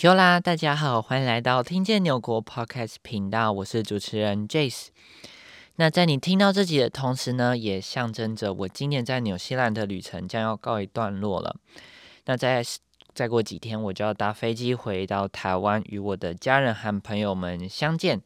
Yo 啦，大家好，歡迎來到聽見紐國 Podcast 頻道，我是主持人 Jace。那在你聽到這集的同時呢，也象徵着我今年在紐西蘭的旅程將要告一段落了。那在再，再過幾天，我就要搭飛機回到台灣，與我的家人和朋友們相見。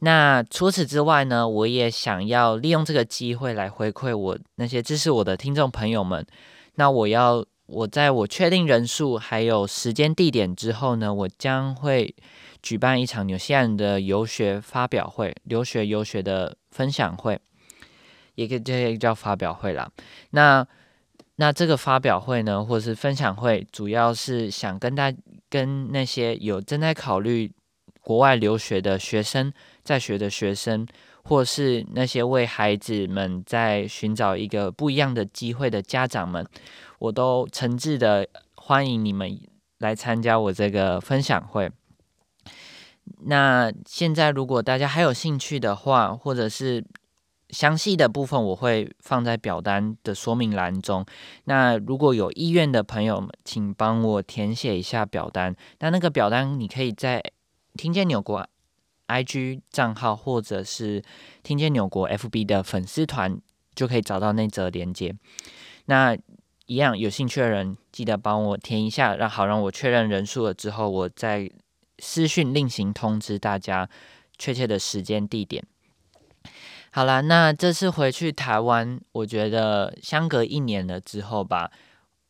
那除此之外呢，我也想要利用這個機會來回饋我那些支持我的聽眾朋友們。那我要。我在我確定人數還有時間地點之後呢，我將會舉辦一場紐西蘭的遊學發表會，留學遊學的分享會，也可以叫叫發表會啦。那那這個發表會呢，或是分享會，主要是想跟大跟那些有正在考慮國外留學的學生，在學的學生。或是那些為孩子們在尋找一個不一樣的機會的家長們，我都誠摯的歡迎你們來參加我這個分享會。那現在，如果大家還有興趣的話，或者是詳細的部分，我會放在表單的說明欄中。那如果有意願的朋友，請幫我填寫一下表單。那那個表單，你可以在聽見紐國。IG 賬號或者是聽見紐國 FB 的粉絲團，就可以找到那則連結。那一樣有興趣的人，記得幫我填一下，讓好讓我確認人數了之後，我再私訊另行通知大家確切的時間地點。好啦，那這次回去台灣，我覺得相隔一年了之後吧，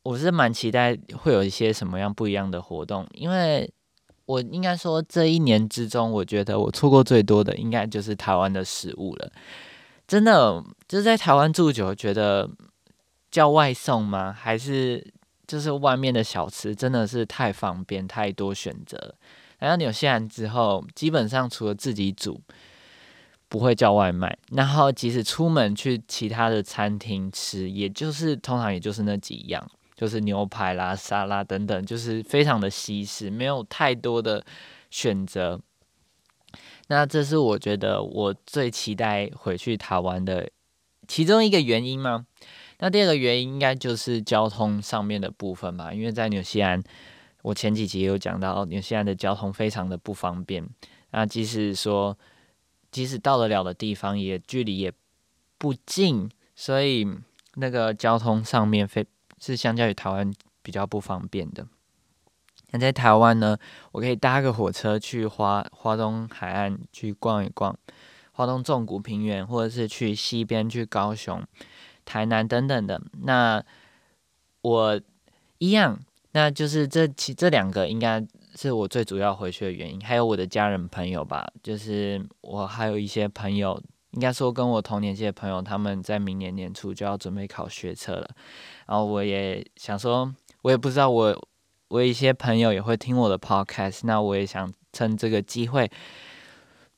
我是蠻期待會有一些什麼樣不一樣的活動，因為。我應該說，這一年之中，我覺得我錯過最多的，應該就是台灣的食物了。真的，就在台灣住久，覺得叫外送嗎？還是就是外面的小吃，真的是太方便，太多選擇了。然後紐西蘭之後，基本上除了自己煮，不會叫外賣。然後即使出門去其他的餐廳吃，也就是通常也就是那幾樣。就是牛排啦、沙拉等等，就是非常的西式，沒有太多的選擇。那這是我覺得我最期待回去台灣的其中一個原因嗎？那第二個原因應該就是交通上面的部分吧，因為在紐西蘭，我前幾集有講到紐西蘭的交通非常的不方便。那即使說即使到得了的地方也，也距離也不近，所以那個交通上面非。是相較於台灣比較不方便的。那在台灣呢，我可以搭個火車去花花東海岸去逛一逛，花東縱谷平原，或者是去西邊去高雄、台南等等的。那我一樣，那就是這其這兩個應該是我最主要回去的原因。還有我的家人朋友吧，就是我還有一些朋友。應該說，跟我同年紀的朋友，他們在明年年初就要準備考學測了。然後我也想說，我也不知道我，我我一些朋友也會聽我的 podcast。那我也想趁這個機會，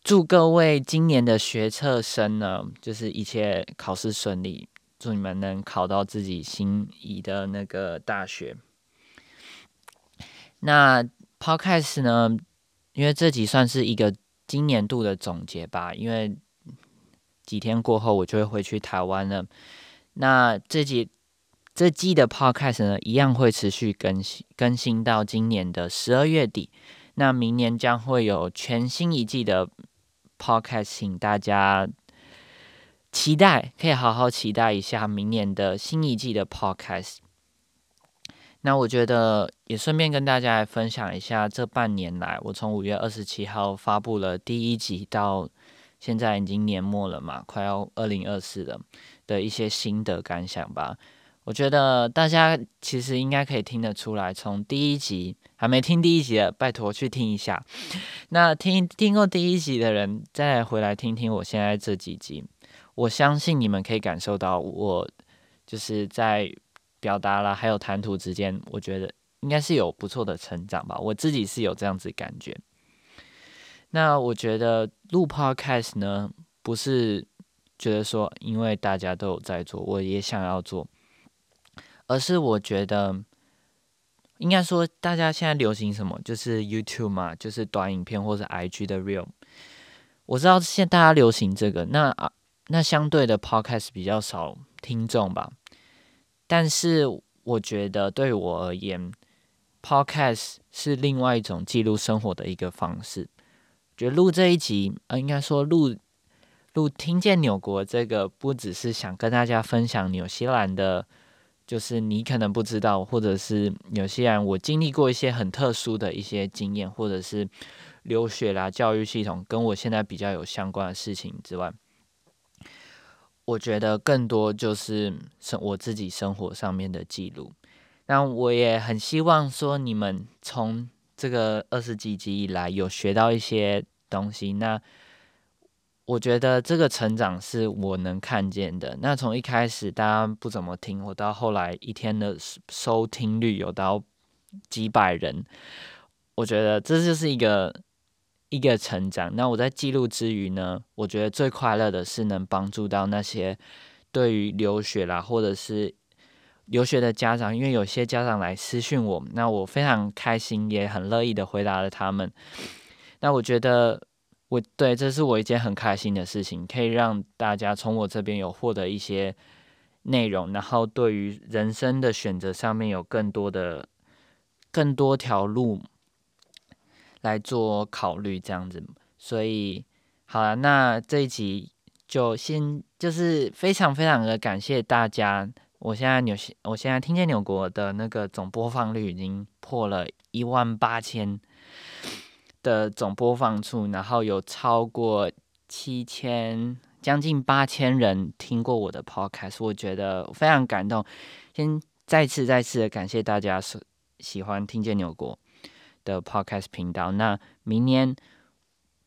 祝各位今年的學測生呢，就是一切考試順利，祝你們能考到自己心儀的那個大學。那 podcast 呢，因為這集算是一個今年度的總結吧，因為。幾天過後，我就會回去台灣了。那這幾這季的 Podcast 呢，一樣會持續更新，更新到今年的十二月底。那明年將會有全新一季的 Podcast，請大家期待，可以好好期待一下明年的新一季的 Podcast。那我覺得也順便跟大家來分享一下，這半年來我從五月二十七號發布了第一集到現在已經年末了嘛，快要二零二四了的一些心得感想吧。我覺得大家其實應該可以聽得出來，從第一集還沒聽第一集的，拜託去聽一下。那聽聽過第一集的人，再來回來聽聽我現在這幾集，我相信你們可以感受到我就是在表達啦，還有談吐之間，我覺得應該是有不錯的成長吧。我自己是有這樣子感覺。那我覺得錄 podcast 呢，不是覺得說，因為大家都有在做，我也想要做，而是我覺得，應該說大家現在流行什麼，就是 YouTube 嘛，就是短影片或是 IG 的 reel。我知道現在大家流行這個，那啊，那相對的 podcast 比較少聽眾吧。但是我覺得對我而言，podcast 是另外一種記錄生活的一個方式。覺得錄這一集，呃，應該說錄錄聽見紐國這個，不只是想跟大家分享紐西蘭的，就是你可能不知道，或者是紐西蘭我經歷過一些很特殊的一些經驗，或者是留學啦、教育系統跟我現在比較有相關的事情之外，我覺得更多就是生我自己生活上面的記錄。那我也很希望說，你們從這個二十幾集以來，有學到一些。東西，那我覺得這個成長是我能看見的。那從一開始大家不怎麼聽，我到後來一天的收聽率有到幾百人，我覺得這就是一個一個成長。那我在記錄之餘呢，我覺得最快樂的是能幫助到那些對於留學啦或者是留學的家長，因為有些家長來私訊我，那我非常開心，也很樂意的回答了他們。那我覺得我，我對，這是我一件很開心的事情，可以讓大家從我這邊有獲得一些內容，然後對於人生的選擇上面有更多的更多條路來做考慮，這樣子。所以，好了，那這一集就先就是非常非常的感謝大家。我現在紐，我現在聽見紐國的那個總播放率已經破了一萬八千的總播放數，然後有超過七千、將近八千人聽過我的 podcast，我覺得非常感動。先再次、再次的感謝大家所喜歡聽見紐國的 podcast 頻道。那明年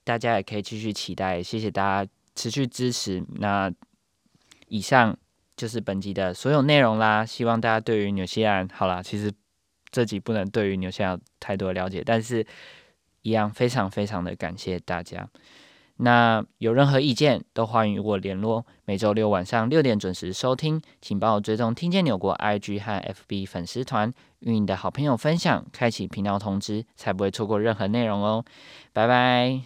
大家也可以繼續期待。謝謝大家持續支持。那以上就是本集的所有內容啦。希望大家對於紐西蘭，好啦。其實這集不能對於紐西蘭有太多了解，但是。一樣非常非常的感謝大家。那有任何意見都歡迎與我聯絡。每周六晚上六點準時收聽，請幫我追蹤聽見紐國 I G 和 F B 粉絲團，與你的好朋友分享，開啟頻道通知，才不會錯過任何內容哦。拜拜。